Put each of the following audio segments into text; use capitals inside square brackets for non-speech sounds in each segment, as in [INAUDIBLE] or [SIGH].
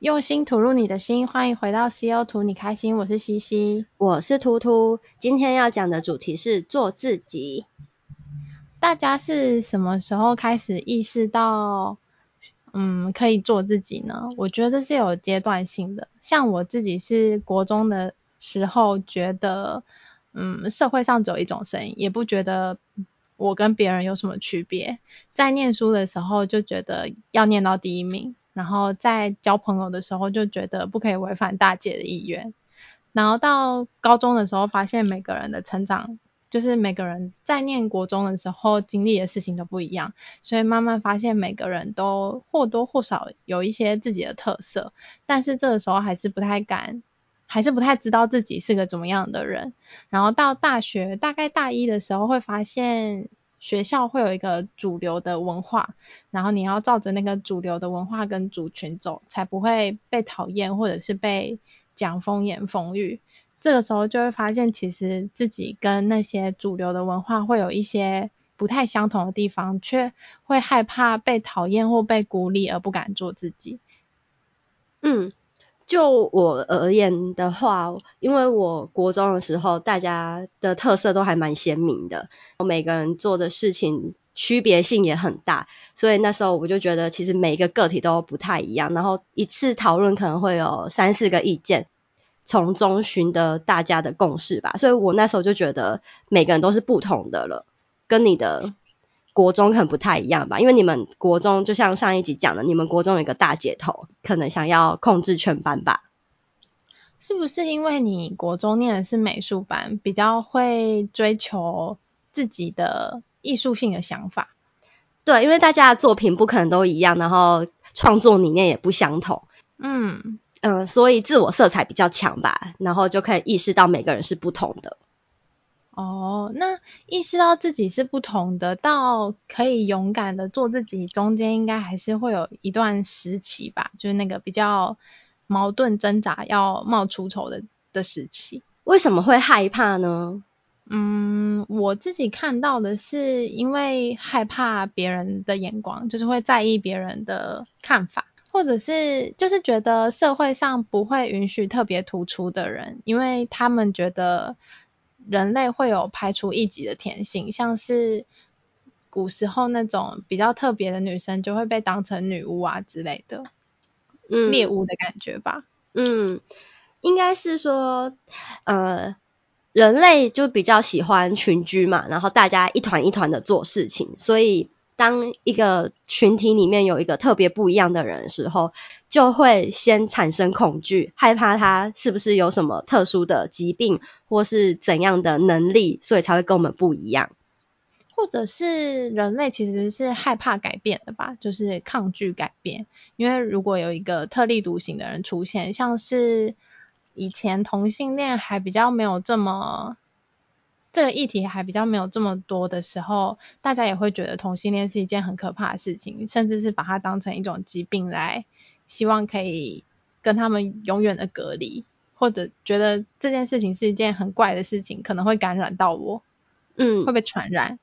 用心吐露你的心，歡迎回到 C.O. 圖你開心，我是西西，我是圖圖。今天要講的主題是做自己。大家是什麼時候開始意識到，嗯，可以做自己呢？我覺得是有階段性的。像我自己是國中的時候，覺得，嗯，社會上只有一種聲音，也不覺得我跟別人有什麼區別。在念書的時候，就覺得要念到第一名。然後在交朋友的時候，就覺得不可以違反大姐的意願。然後到高中的時候，發現每個人的成長，就是每個人在念國中的時候經歷的事情都不一樣，所以慢慢發現每個人都或多或少有一些自己的特色。但是這個時候還是不太敢，還是不太知道自己是個怎麼樣的人。然後到大學，大概大一的時候會發現。學校會有一個主流的文化，然後你要照着那個主流的文化跟族群走，才不會被討厭或者是被講風言風語。這個時候就會發現，其實自己跟那些主流的文化會有一些不太相同的地方，卻會害怕被討厭或被孤立而不敢做自己。嗯。就我而言的話，因為我國中的時候，大家的特色都還蠻鮮明的，我每個人做的事情區別性也很大，所以那時候我就覺得，其實每一個個體都不太一樣。然後一次討論可能會有三四個意見，從中尋得大家的共識吧。所以我那時候就覺得，每個人都是不同的了，跟你的。國中可能不太一樣吧，因為你們國中就像上一集講的，你們國中有一個大姐頭，可能想要控制全班吧？是不是因為你國中念的是美術班，比較會追求自己的藝術性的想法？對，因為大家的作品不可能都一樣，然後創作理念也不相同。嗯嗯，呃，所以自我色彩比較強吧，然後就可以意識到每個人是不同的。哦，oh, 那意識到自己是不同的，到可以勇敢的做自己，中間應該還是會有一段時期吧，就是那個比較矛盾掙扎，要冒出頭的的時期。為什麼會害怕呢？嗯，我自己看到的是，因為害怕別人的眼光，就是會在意別人的看法，或者是就是覺得社會上不會允許特別突出的人，因為他們覺得。人類會有排除異己的天性，像是古時候那種比較特別的女生就會被當成女巫啊之類的，嗯，獵巫的感覺吧。嗯，應該是說，呃，人類就比較喜歡群居嘛，然後大家一團一團的做事情，所以當一個群體裡面有一個特別不一樣的人的時候。就會先產生恐懼，害怕他是不是有什麼特殊的疾病，或是怎樣的能力，所以才會跟我們不一樣。或者是人類其實是害怕改變的吧，就是抗拒改變。因為如果有一個特立獨行的人出現，像是以前同性戀還比較沒有這麼，這個議題還比較沒有這麼多的時候，大家也會覺得同性戀是一件很可怕的事情，甚至是把它當成一種疾病來。希望可以跟他們永遠的隔離，或者覺得這件事情是一件很怪的事情，可能會感染到我，嗯，會被傳染。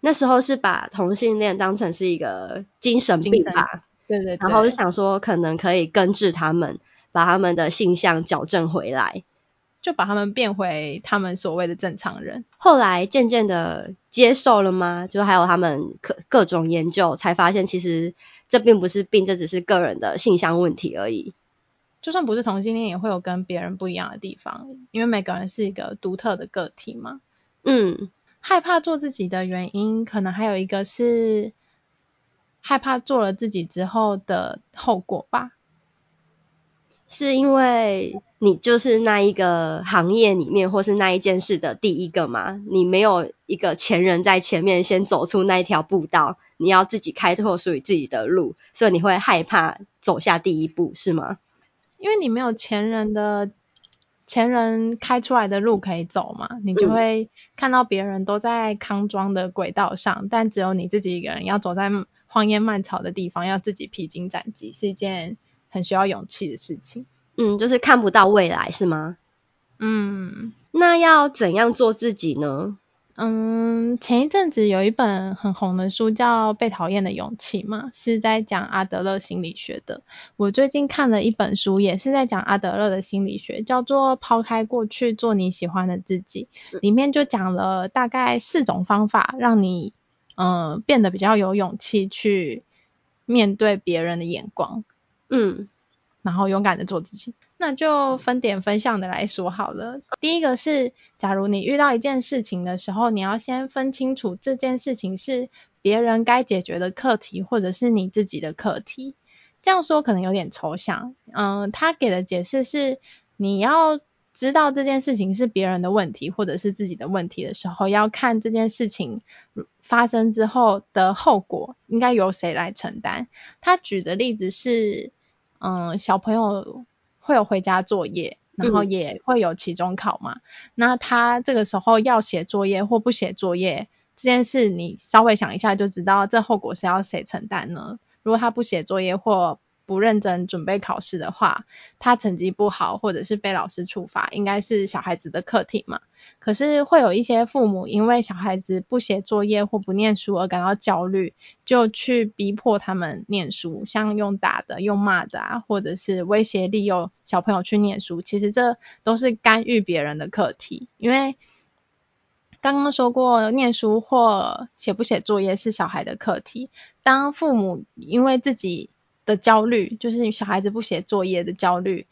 那時候是把同性戀當成是一個精神病吧，對，對對，然後就想說可能可以根治他們，把他們的性向矯正回來，就把他們變回他們所謂的正常人。後來漸漸的接受了嗎？就還有他們各各種研究才發現，其實。這並不是病，這只是個人的性向問題而已。就算不是同性戀，也會有跟別人不一樣的地方，因為每個人是一個獨特的個體嘛。嗯，害怕做自己的原因，可能還有一個是害怕做了自己之後的後果吧。是因為你就是那一個行業裡面，或是那一件事的第一個嘛，你沒有一個前人在前面先走出那一條步道，你要自己開拓屬於自己的路，所以你會害怕走下第一步，是嗎？因為你沒有前人的前人開出來的路可以走嘛，你就會看到別人都在康莊的軌道上，嗯、但只有你自己一個人要走在荒煙蔓草的地方，要自己披荊斬棘，是一件。很需要勇氣的事情，嗯，就是看不到未來是嗎？嗯，那要怎樣做自己呢？嗯，前一陣子有一本很紅的書叫《被討厭的勇氣》嘛，是在講阿德勒心理學的。我最近看了一本書，也是在講阿德勒的心理學，叫做《拋開過去，做你喜歡的自己》。嗯。裡面就講了大概四種方法，讓你，嗯，呃，變得比較有勇氣去面對別人的眼光。嗯，然後勇敢的做自己。那就分點分項的來說好了。第一個是，假如你遇到一件事情的時候，你要先分清楚這件事情是別人該解決的課題，或者是你自己的課題。這樣說可能有點抽象。嗯，他給的解釋是，你要知道這件事情是別人的問題，或者是自己的問題的時候，要看這件事情，發生之後的後果應該由誰來承擔？他舉的例子是，嗯，小朋友會有回家作業，然後也會有期中考嘛。嗯、那他這個時候要寫作業或不寫作業這件事，你稍微想一下就知道這後果是要誰承擔呢？如果他不寫作業或不認真準備考試的話，他成績不好或者是被老師處罰，應該是小孩子的課題嘛。可是會有一些父母因為小孩子不寫作業或不念書而感到焦慮，就去逼迫他們念書，像用打的、用罵的啊，或者是威脅利誘小朋友去念書。其實這都是干預別人的課題，因為剛剛說過，念書或寫不寫作業是小孩的課題。當父母因為自己的焦慮，就是小孩子不寫作業的焦慮，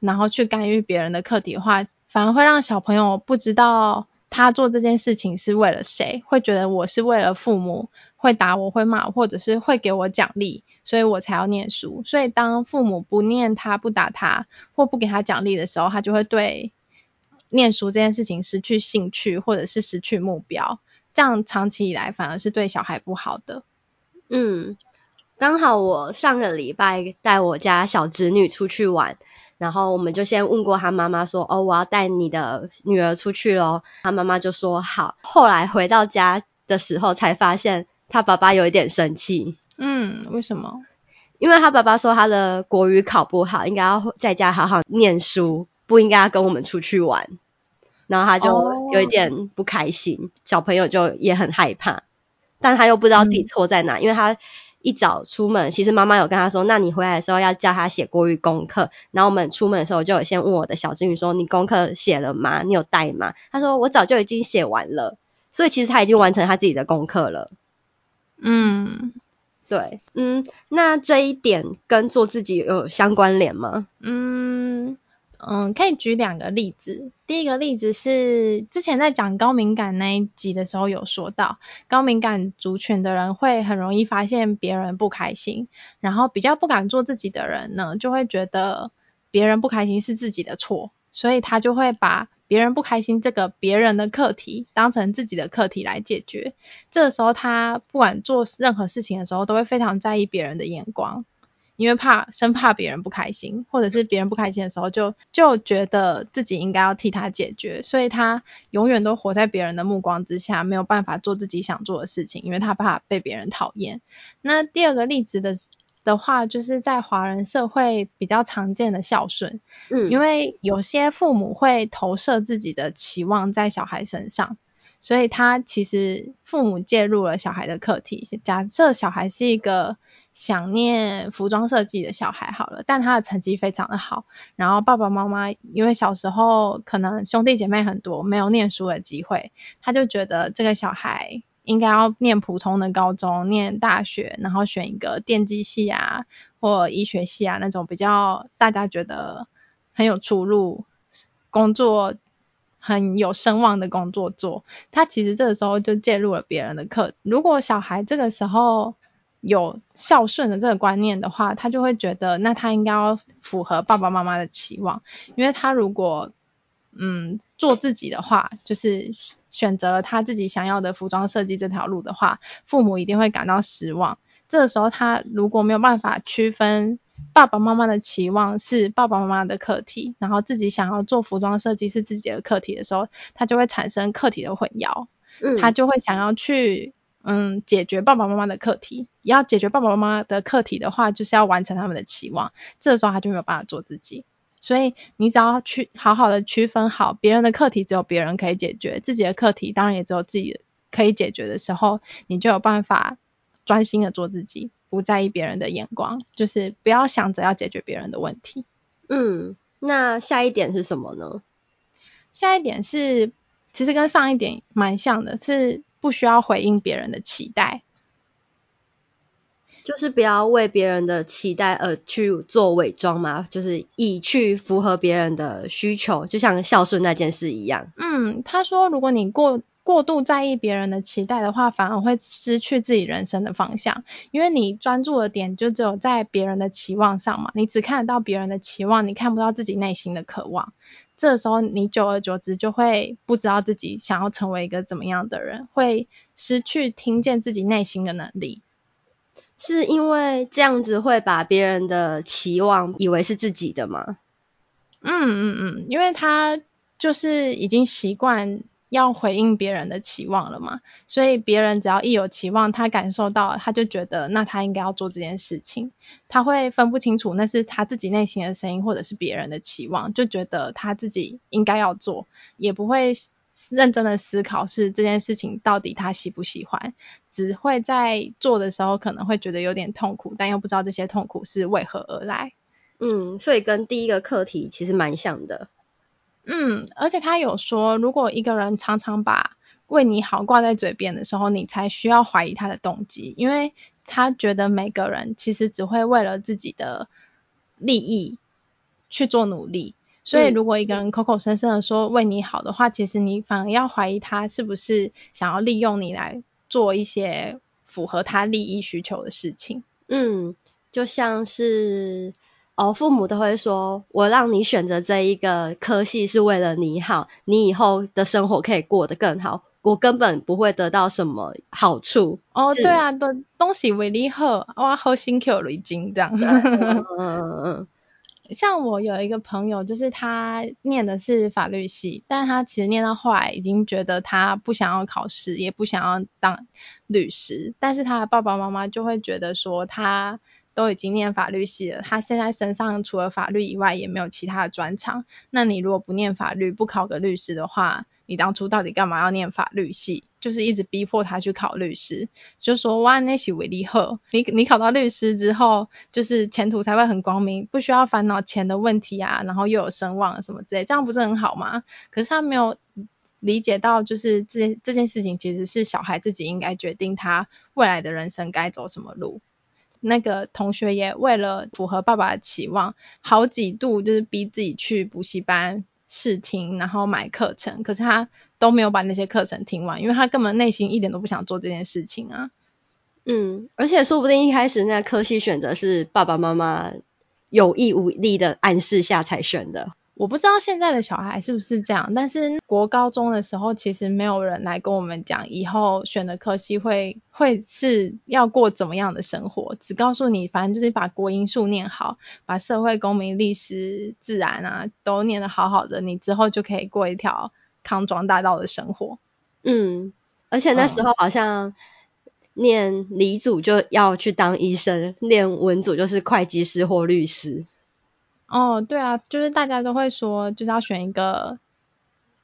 然後去干預別人的課題的話，反而會讓小朋友不知道他做這件事情是為了誰，會覺得我是為了父母，會打我，會罵我，或者是會給我獎勵，所以我才要念書。所以當父母不念他、不打他或不給他獎勵的時候，他就會對念書這件事情失去興趣，或者是失去目標。這樣長期以來反而是對小孩不好的。嗯，剛好我上個禮拜帶我家小侄女出去玩。然後我們就先問過他媽媽說：“哦，我要帶你的女兒出去咯。”他媽媽就說：“好。”後來回到家的時候，才發現他爸爸有一點生氣。嗯，為什麼？因為他爸爸說他的國語考不好，應該要在家好好念書，不應該要跟我們出去玩。然後他就有一點不開心，哦、小朋友就也很害怕，但他又不知道自己錯在哪，嗯、因為他。一早出門，其實媽媽有跟他說，那你回來的時候要叫他寫國語功課。然後我們出門的時候，我就有先問我的小侄女說：“你功課寫了嗎？你有帶嗎？”他說：“我早就已經寫完了。”所以其實他已經完成他自己的功課了。嗯，對，嗯，那這一點跟做自己有相關聯嗎？嗯。嗯，可以舉兩個例子。第一個例子是之前在講高敏感那一集的時候有說到，高敏感族群的人會很容易發現別人不開心，然後比較不敢做自己的人呢，就會覺得別人不開心是自己的錯，所以他就會把別人不開心這個別人的課題當成自己的課題來解決。這時候他不管做任何事情的時候，都會非常在意別人的眼光。因為怕生怕別人不開心，或者是別人不開心的時候就，就就覺得自己應該要替他解決，所以他永遠都活在別人的目光之下，沒有辦法做自己想做的事情，因為他怕被別人討厭。那第二個例子的的話，就是在華人社會比較常見的孝順，嗯，因為有些父母會投射自己的期望在小孩身上，所以他其實父母介入了小孩的課題。假設小孩是一個。想念服裝設計的小孩好了，但他的成績非常的好，然後爸爸媽媽因為小時候可能兄弟姐妹很多，沒有念書的機會，他就覺得這個小孩應該要念普通的高中，念大學，然後選一個電機系啊或醫學系啊那種比較大家覺得很有出路、工作很有聲望的工作做。他其實這個時候就介入了別人的課。如果小孩這個時候，有孝順的這個觀念的話，他就會覺得，那他應該要符合爸爸媽媽的期望，因為他如果，嗯，做自己的話，就是選擇了他自己想要的服裝設計這條路的話，父母一定會感到失望。這個時候，他如果沒有辦法區分爸爸媽媽的期望是爸爸媽媽的課題，然後自己想要做服裝設計是自己的課題的時候，他就會產生課題的混淆。嗯，他就會想要去。嗯，解決爸爸媽媽的課題，要解決爸爸媽媽的課題的話，就是要完成他們的期望。這時候他就沒有辦法做自己，所以你只要去好好的區分好別人的課題，只有別人可以解決，自己的課題當然也只有自己可以解決的時候，你就有辦法專心的做自己，不在意別人的眼光，就是不要想着要解決別人的問題。嗯，那下一點是什麼呢？下一點是其實跟上一點蠻像的，是。不需要回應別人的期待，就是不要為別人的期待而去做偽裝嘛，就是以去符合別人的需求，就像孝順那件事一樣。嗯，他說如果你過。過度在意別人的期待的話，反而會失去自己人生的方向，因為你專注的點就只有在別人的期望上嘛，你只看得到別人的期望，你看不到自己內心的渴望。這個時候你久而久之就會不知道自己想要成為一個怎麼樣的人，會失去聽見自己內心的能力。是因為這樣子會把別人的期望以為是自己的嗎？嗯嗯嗯，因為他就是已經習慣。要回應別人的期望了嘛？所以別人只要一有期望，他感受到，他就覺得那他應該要做這件事情。他會分不清楚那是他自己內心的聲音，或者是別人的期望，就覺得他自己應該要做，也不會認真的思考是這件事情到底他喜不喜歡，只會在做的時候可能會覺得有點痛苦，但又不知道這些痛苦是為何而來。嗯，所以跟第一個課題其實蠻像的。嗯，而且他有說，如果一個人常常把為你好掛在嘴邊的時候，你才需要懷疑他的動機，因為他覺得每個人其實只會為了自己的利益去做努力，所以如果一個人口口聲聲的說為你好的話，對其實你反而要懷疑他是不是想要利用你來做一些符合他利益需求的事情。嗯，就像是。哦，父母都會說：“我讓你選擇這一個科系是為了你好，你以後的生活可以過得更好。我根本不會得到什麼好處。”哦，是對啊，東東西為你好，我好辛苦已經這樣的。嗯嗯嗯。 [LAUGHS] 像我有一個朋友，就是他念的是法律系，但他其實念到後來已經覺得他不想要考試，也不想要當律師，但是他的爸爸媽媽就會覺得說他。都已經念法律系了，他現在身上除了法律以外也沒有其他的專長。那你如果不念法律，不考個律師的話，你當初到底幹嘛要念法律系？就是一直逼迫他去考律師，就說哇，那是為你好，你你考到律師之後，就是前途才會很光明，不需要煩惱錢的問題啊，然後又有聲望、啊、什麼之類的，這樣不是很好嗎？可是他沒有理解到，就是這這件事情其實是小孩自己應該決定他未來的人生該走什麼路。那個同學也為了符合爸爸的期望，好幾度就是逼自己去補習班試聽，然後買課程，可是他都沒有把那些課程聽完，因為他根本內心一點都不想做這件事情啊。嗯，而且說不定一開始那科系選擇是爸爸媽媽有意無意的暗示下才選的。我不知道現在的小孩是不是這樣，但是國高中的時候其實沒有人來跟我們講以後選的科系會會是要過怎麼樣的生活，只告訴你反正就是把國英數念好，把社會、公民、歷史、自然啊都念得好好的，你之後就可以過一條康莊大道的生活。嗯，而且那時候好像念理組就要去當醫生，嗯、念文組就是會計師或律師。哦，對啊，就是大家都會說，就是要選一個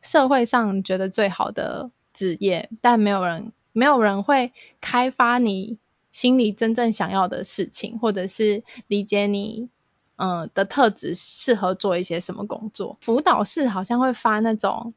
社會上覺得最好的職業，但沒有人沒有人會開發你心裡真正想要的事情，或者是理解你嗯的，呃，的特質適合做一些什麼工作。輔導師好像會發那種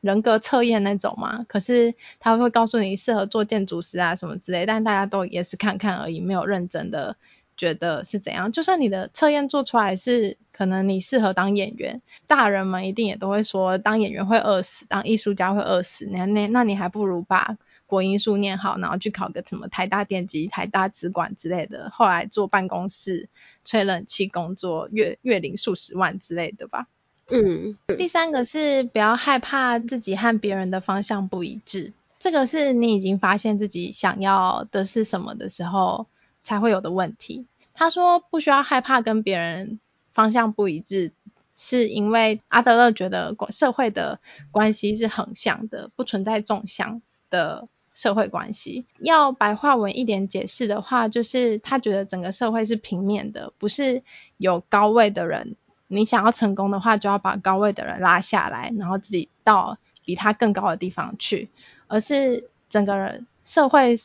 人格測驗那種嘛，可是他會告訴你適合做建築師啊什麼之類，但大家都也是看看而已，沒有認真的。覺得是怎樣？就算你的測驗做出來是可能你適合當演員，大人們一定也都會說，當演員會餓死，當藝術家會餓死。那那那你還不如把國英數念好，然後去考個什麼台大電機、台大資管之類的，後來坐辦公室吹冷氣工作，月月領數十萬之類的吧。嗯，第三個是不要害怕自己和別人的方向不一致，這個是你已經發現自己想要的是什麼的時候。才會有的問題。他說不需要害怕跟別人方向不一致，是因為阿德勒覺得社會的關係是橫向的，不存在縱向的社會關係。要白話文一點解釋的話，就是他覺得整個社會是平面的，不是有高位的人，你想要成功的話，就要把高位的人拉下來，然後自己到比他更高的地方去，而是整個人社會。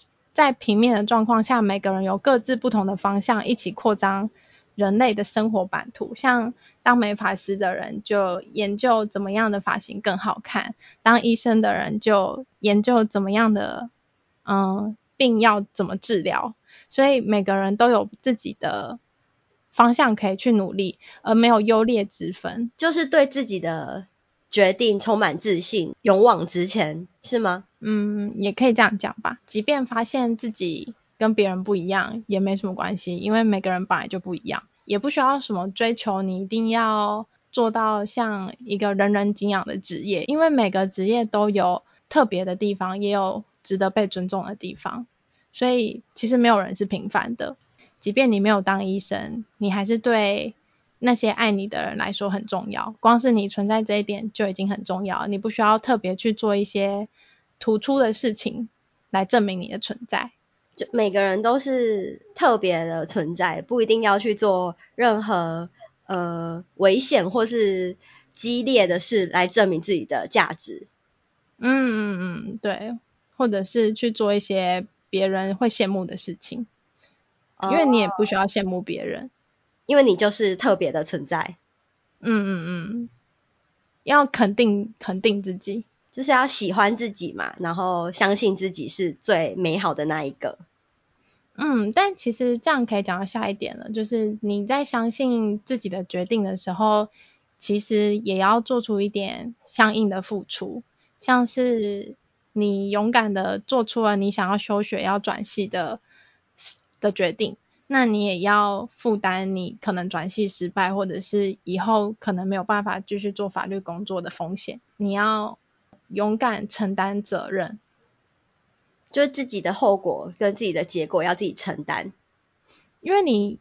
在平面的狀況下，每個人有各自不同的方向，一起擴張人類的生活版圖。像當美髮師的人就研究怎麼樣的髮型更好看，當醫生的人就研究怎麼樣的，嗯，病要怎麼治療。所以每個人都有自己的方向可以去努力，而沒有優劣之分，就是對自己的。決定充滿自信，勇往直前，是嗎？嗯，也可以這樣講吧。即便發現自己跟別人不一樣，也沒什麼關係，因為每個人本來就不一樣，也不需要什麼追求，你一定要做到像一個人人景仰的職業。因為每個職業都有特別的地方，也有值得被尊重的地方，所以其實沒有人是平凡的。即便你沒有當醫生，你還是對那些愛你的人來說很重要，光是你存在這一點就已經很重要，你不需要特別去做一些突出的事情來證明你的存在。就每個人都是特別的存在，不一定要去做任何呃危險或是激烈的事來證明自己的價值。嗯嗯嗯，對，或者是去做一些別人會羨慕的事情，因為你也不需要羨慕別人。Oh. 因為你就是特別的存在，嗯嗯嗯，要肯定肯定自己，就是要喜歡自己嘛，然後相信自己是最美好的那一個。嗯，但其實這樣可以講到下一點了，就是你在相信自己的決定的時候，其實也要做出一點相應的付出，像是你勇敢的做出了你想要休學、要轉系的的決定。那你也要負擔你可能轉系失敗，或者是以後可能沒有辦法繼續做法律工作的風險。你要勇敢承擔責任，就自己的後果跟自己的結果要自己承擔。因為你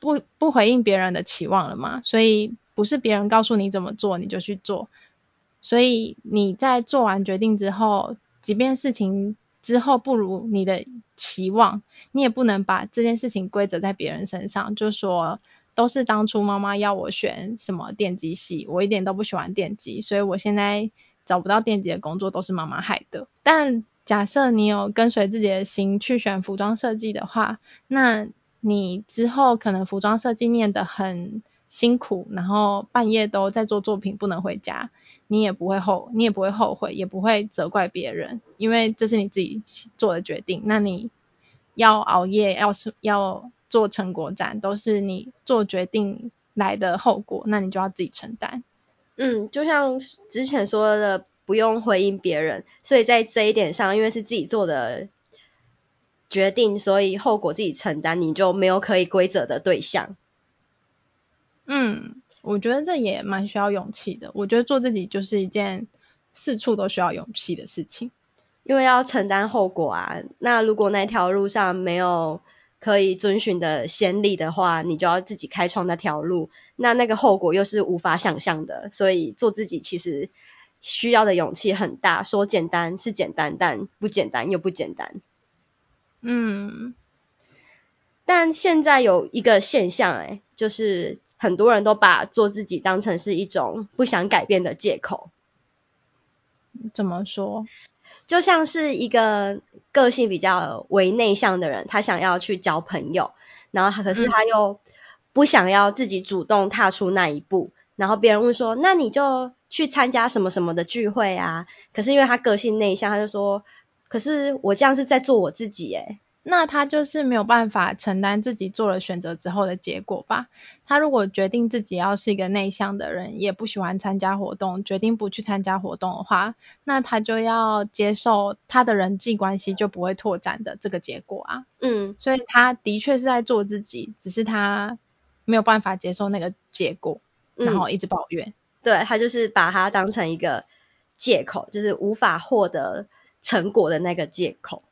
不不回應別人的期望了嘛，所以不是別人告訴你怎麼做，你就去做。所以你在做完決定之後，即便事情。之後不如你的期望，你也不能把這件事情歸責在別人身上，就說都是當初媽媽要我選什麼電機系，我一點都不喜歡電機，所以我現在找不到電機的工作都是媽媽害的。但假設你有跟隨自己的心去選服裝設計的話，那你之後可能服裝設計念得很辛苦，然後半夜都在做作品，不能回家。你也不會後，你也不會後悔，也不會責怪別人，因為這是你自己做的決定。那你要熬夜，要是要做成果展，都是你做決定來的後果，那你就要自己承擔。嗯，就像之前說的，不用回應別人。所以在這一點上，因為是自己做的決定，所以後果自己承擔，你就沒有可以歸責的對象。嗯。我覺得這也蠻需要勇氣的。我覺得做自己就是一件四處都需要勇氣的事情，因為要承擔後果啊。那如果那條路上沒有可以遵循的先例的話，你就要自己開創那條路，那那個後果又是無法想象的。所以做自己其實需要的勇氣很大。說簡單是簡單，但不簡單又不簡單。嗯，但現在有一個現象，誒，就是。很多人都把做自己當成是一種不想改變的借口。怎麼說？就像是一個個性比較為內向的人，他想要去交朋友，然後他可是他又不想要自己主動踏出那一步。嗯、然後別人問說：“那你就去參加什麼什麼的聚會啊？”可是因為他個性內向，他就說：“可是我這樣是在做我自己誒。”那他就是沒有辦法承擔自己做了選擇之後的結果吧？他如果決定自己要是一個內向的人，也不喜歡參加活動，決定不去參加活動的話，那他就要接受他的人際關係就不會拓展的這個結果啊。嗯，所以他的確是在做自己，只是他沒有辦法接受那個結果，然後一直抱怨。嗯，對，他就是把它當成一個借口，就是無法獲得成果的那個借口。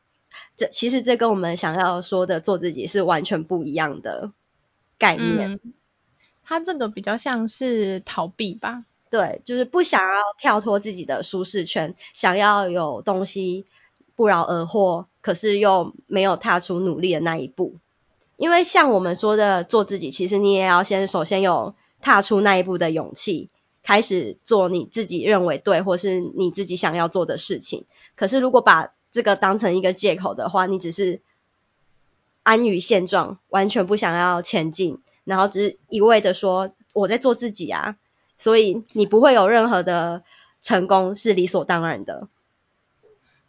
這其實這跟我們想要說的做自己是完全不一樣的概念。它、嗯、這個比較像是逃避吧？對，就是不想要跳脫自己的舒適圈，想要有東西不勞而獲，可是又沒有踏出努力的那一步。因為像我們說的做自己，其實你也要先首先有踏出那一步的勇氣，開始做你自己認為對或是你自己想要做的事情。可是如果把這個當成一個借口的話，你只是安於現狀，完全不想要前進，然後只是一味的說我在做自己啊，所以你不會有任何的成功是理所當然的。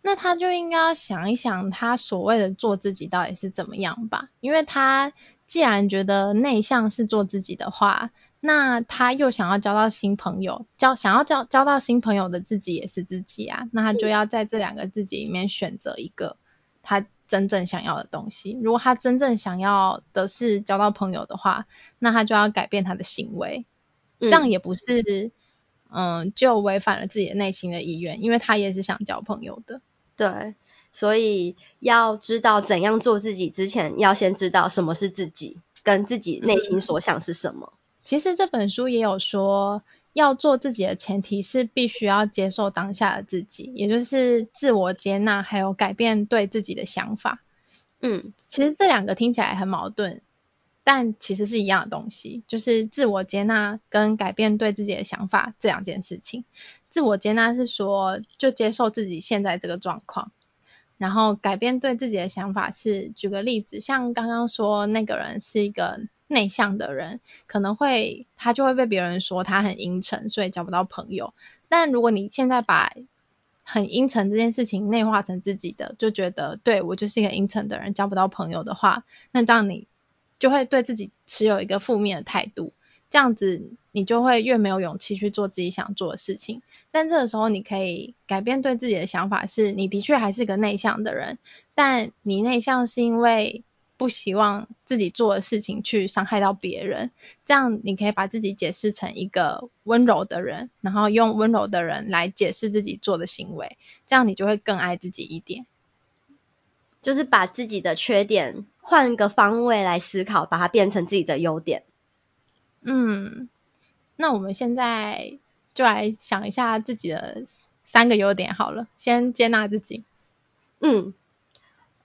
那他就應該要想一想，他所謂的做自己到底是怎麼樣吧？因為他既然覺得內向是做自己的話，那他又想要交到新朋友，交，想要交，交到新朋友的自己也是自己啊。那他就要在這兩個自己裡面選擇一個他真正想要的東西。如果他真正想要的是交到朋友的話，那他就要改變他的行為。嗯，這樣也不是，嗯，就違反了自己的內心的意願，因為他也是想交朋友的。對，所以要知道怎樣做自己之前，要先知道什麼是自己，跟自己內心所想是什麼。嗯。其實這本書也有說，要做自己的前提是必須要接受當下的自己，也就是自我接納，還有改變對自己的想法。嗯，其實這兩個聽起來很矛盾，但其實是一樣的東西，就是自我接納跟改變對自己的想法這兩件事情。自我接納是說，就接受自己現在這個狀況，然後改變對自己的想法是，舉個例子，像剛剛說那個人是一個。內向的人可能會他就會被別人說他很陰沉，所以交不到朋友。但如果你現在把很陰沉這件事情內化成自己的，就覺得對我就是一個陰沉的人，交不到朋友的話，那這樣你就會對自己持有一個負面的態度，這樣子你就會越沒有勇氣去做自己想做的事情。但這個時候你可以改變對自己的想法，是你的確還是個內向的人，但你內向是因為。不希望自己做的事情去傷害到別人，這樣你可以把自己解釋成一個溫柔的人，然後用溫柔的人來解釋自己做的行為，這樣你就會更愛自己一點。就是把自己的缺點換個方位來思考，把它變成自己的優點。嗯，那我們現在就來想一下自己的三個優點好了，先接納自己。嗯。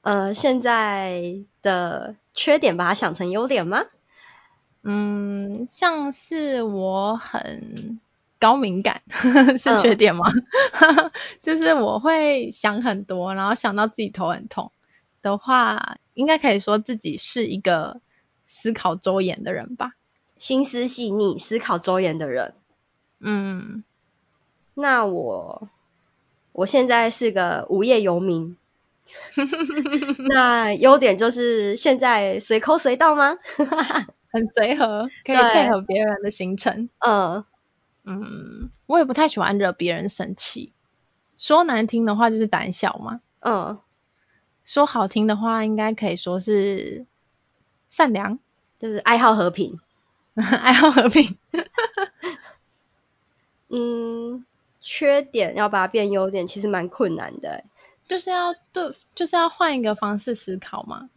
呃，現在的缺點把它想成優點嗎？嗯，像是我很高敏感、嗯、呵呵是缺點嗎？ [LAUGHS] 就是我會想很多，然後想到自己頭很痛的話，應該可以說自己是一個思考周延的人吧。心思細膩、思考周延的人。嗯，那我我現在是個無業遊民。 [LAUGHS] [LAUGHS] 那優點就是現在隨口隨到嗎？ [LAUGHS] 很隨和，可以配合別人的行程。嗯嗯，我也不太喜歡惹別人生氣。說難聽的話就是膽小嘛。嗯，說好聽的話應該可以說是善良，就是愛好和平， [LAUGHS] 愛好和平。 [LAUGHS] 嗯，缺點要把它變優點，其實蠻困難的。就是要對，就是要換一個方式思考嘛。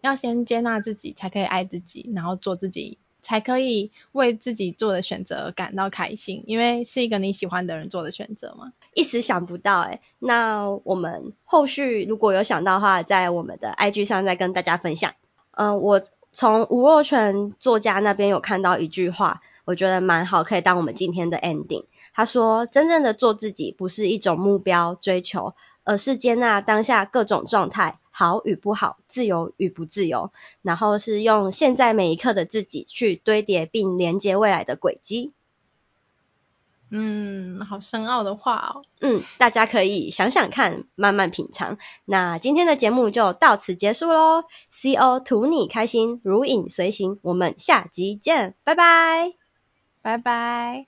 要先接納自己，才可以愛自己，然後做自己，才可以為自己做的選擇感到開心。因為是一個你喜歡的人做的選擇嘛。一時想不到誒、欸、那我們後續如果有想到的話，在我們的 IG 上再跟大家分享。嗯、呃，我從吳若權作家那邊有看到一句話，我覺得蠻好，可以當我們今天的 ending。他說：“真正的做自己，不是一種目標追求。”而是接納當下各種狀態，好與不好，自由與不自由，然後是用現在每一刻的自己去堆疊並連接未來的軌跡。嗯，好深奧的話哦。嗯，大家可以想想看，慢慢品嘗。那今天的節目就到此結束嘍。C O 圖你開心，如影隨形。我們下集見，拜拜，拜拜。